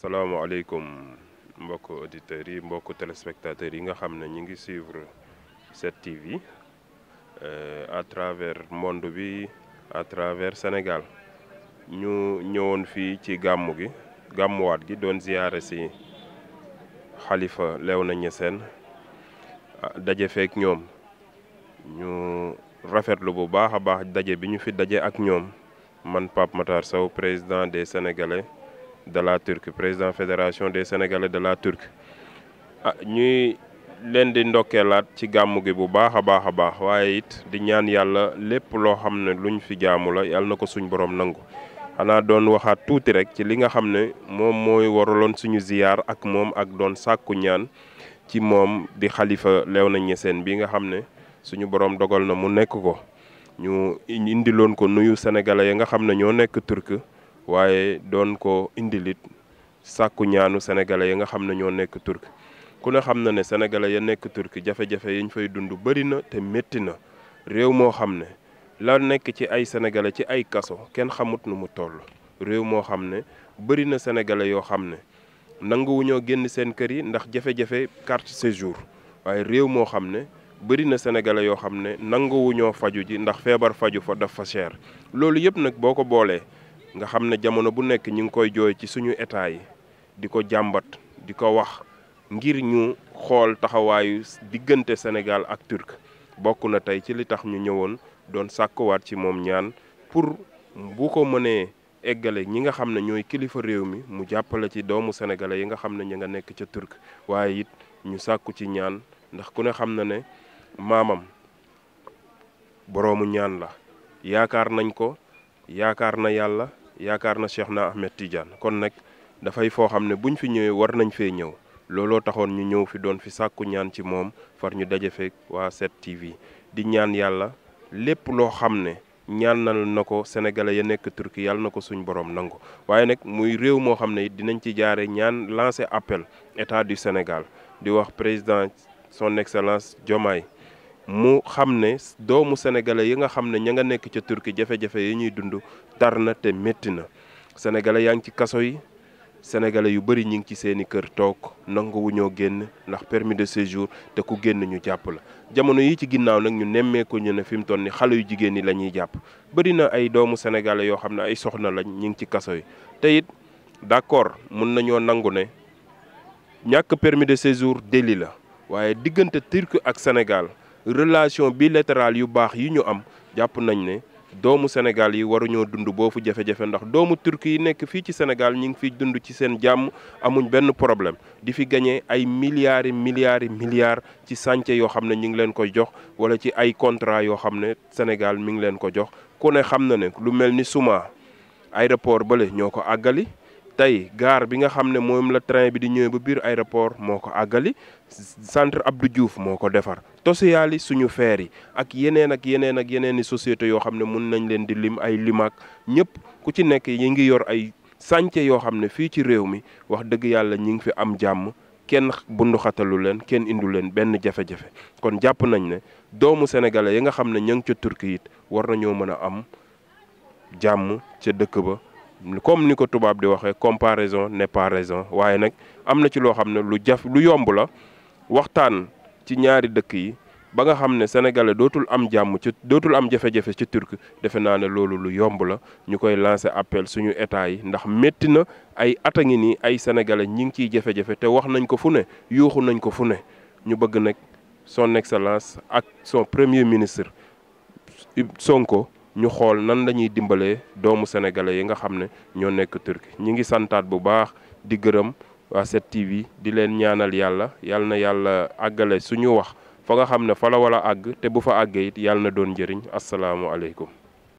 salaamaaleykum mbokk auditeurs yi mbokk téléspectateurs yi nga xam ne ñi ngi suivre 7TV euh, à travers mbond bi à travers Sénégal ñu ñëwoon fii ci gàmmu gi gàmmuwaat gi doon ziyaare si xalifa Léona Niassène ah, daje feek ñoom ñu rafetlu bu baax a baax daje bi ñu fi daje ak ñoom man Pape Matar Sow président de Sénégalais de la Turquie président fédération des sénégalais de la Turquie ah ñuy leen di ndokkeelaat ci gàmmu gi bu baax a baax a baax waaye it di ñaan yàlla lépp loo xam ne luñ fi jaamu la yàlla na ko suñ borom nangu xanaa doon waxaat tuuti rek ci li nga xam ne moom mooy waraloon suñu ziyaar ak moom ak doon sàkku ñaan ci moom di xalifa Léona Niassène bi nga xam ne suñu borom dogal na mu nekk ko ñu indiloon ko nuyu sénégalais yi nga xam ne ñoo nekk turk waaye doon ko indilit sàkku ñaanu sénégalais yi nga xam ne ñoo nekk turki ku ne xam na ne sénégalais ya nekk turki jafe-jafe yi fay dund bëri na te métti na réew moo xam ne la nekk ci ay sénégalais ci ay kaso kenn xamut nu mu toll réew moo xam ne bëri na sénégalais yoo xam ne nanguwuñoo génn seen kër yi ndax jafe-jafe carte séjour waaye réew moo xam ne bëri na sénégalais yoo xam ne nanguwuñoo faju ji ndax feebar faju fa dafa cher loolu yëpp nag boo ko boolee nga xam ne jamono bu nekk ñu ngi koy jooy ci suñu état yi di ko jàmbat di ko wax ngir ñu xool taxawaayu diggante Sénégal ak Turc bokk na tey ci li tax ñu ñëwoon doon sàkkuwaat ci moom ñaan pour bu ko mënee eggale ñi nga xam ne ñooy kilifa réew mi mu jàppale ci doomu sénégalais yi nga xam ne ñu nga nekk ca Turc waaye it ñu sàkku ci ñaan ndax ku ne xam na ne maamam boroomu ñaan la yaakaar nañ ko yaakaar na yàlla yaakaar na Cheikh na Ahmed Tidiane kon nag dafay foo xam ne bu buñ fi ñëwee war nañ fee ñëw looloo taxoon ñu ñëw fi doon fi sàkku ñaan ci moom far ñu daje fekk waa 7TV di ñaan yàlla lépp loo xam ne ñaanal na ko sénégalais ya nekk turki yàlla na ko suñ borom nangu waaye nag muy réew moo xam ne it dinañ ci jaare ñaan lancer appel état du Sénégal di wax président son excellence Diomaye mu xam ne doomu sénégalais yi nga xam ne ña nga nekk ca turki jafe-jafe yi ñuy dund tar na te métti na sénégalais yaa ngi ci kaso yi sénégalais yu bëri ñi ngi ci seen i kër toog nanguwu ñoo génn ndax permis de séjour te ku génn ñu jàpp la jamono yi ci ginnaaw nag ñu nemmeeku ñu ne fi mu toll ni xale yu jigéen ñi la ñuy jàpp bëri na ay doomu sénégalais yoo xam ne ay soxna lañ ñi ngi ci kaso yi teyit it d'accord mun nañoo nangu ne ñàkk permis de séjour délit la waaye diggante Turquie ak Sénégal relation bi bilatérale yu baax yi ñu am jàpp nañ ne doomu Sénégal yi waruñoo dund boofu jafe-jafe ndax doomu turk yi nekk fii ci Sénégal ñu ngi fiy dund ci seen jàmm amuñ benn problème di fi gañe ay milliards et milliards ci chantier yoo xam ne ñu ngi leen koy jox wala ci ay contrat yoo xam ne Sénégal mi ngi leen ko jox ku ne xam na ne lu mel ni suma aéroport bale ñoo ko àggali tey gare bi nga xam ne moom la train bi di ñëwee ba biir aéroport moo ko àggali centre Abdou Diouf moo ko defar Tosiyali suñu feer yi ak yeneen ak yeneen ak yeneen i société yoo xam ne mun nañ leen di lim ay limaak ñëpp ku ci nekk ñi ngi yor ay sànce yoo xam ne fii ci réew mi wax dëgg yàlla ñi ngi fi am jàmm kenn bundu xatalu leen kenn indu leen benn jafe-jafe kon jàpp nañ ne doomu sénégalais yi nga xam ne ña ngi ca Turquie it war nañoo mën a am jàmm ca dëkk ba comme ni ko tubaab di waxee comparaison n'est waaye nag am na ci loo xam ne lu jaf lu yomb la waxtaan ci ñaari dëkk yi ba nga xam ne sénégalais dootul am jàmm ci dootul am jafe-jafe ci turc defe naa ne loolu lu yomb la ñu koy lancer appel suñu état yi ndax métti na ay at a ngi nii ay sénégalais ñi ngi kiy jafe-jafe te wax nañ ko fu ne yuuxu nañ ko fu ne ñu bëgg nag son excellence ak son premier ministre Sonko. ñu xool nan lañuy ñuy dimbalee doomu sénégalais yi nga xam ne ñoo nekk turki ñi ngi santaat bu baax di gërëm waa 7TV di leen ñaanal yàlla yàlla na yàlla àggale suñu wax fa nga xam ne fa la wala àgg te bu fa àggee it yàlla na doon njëriñ asalaamualeykum.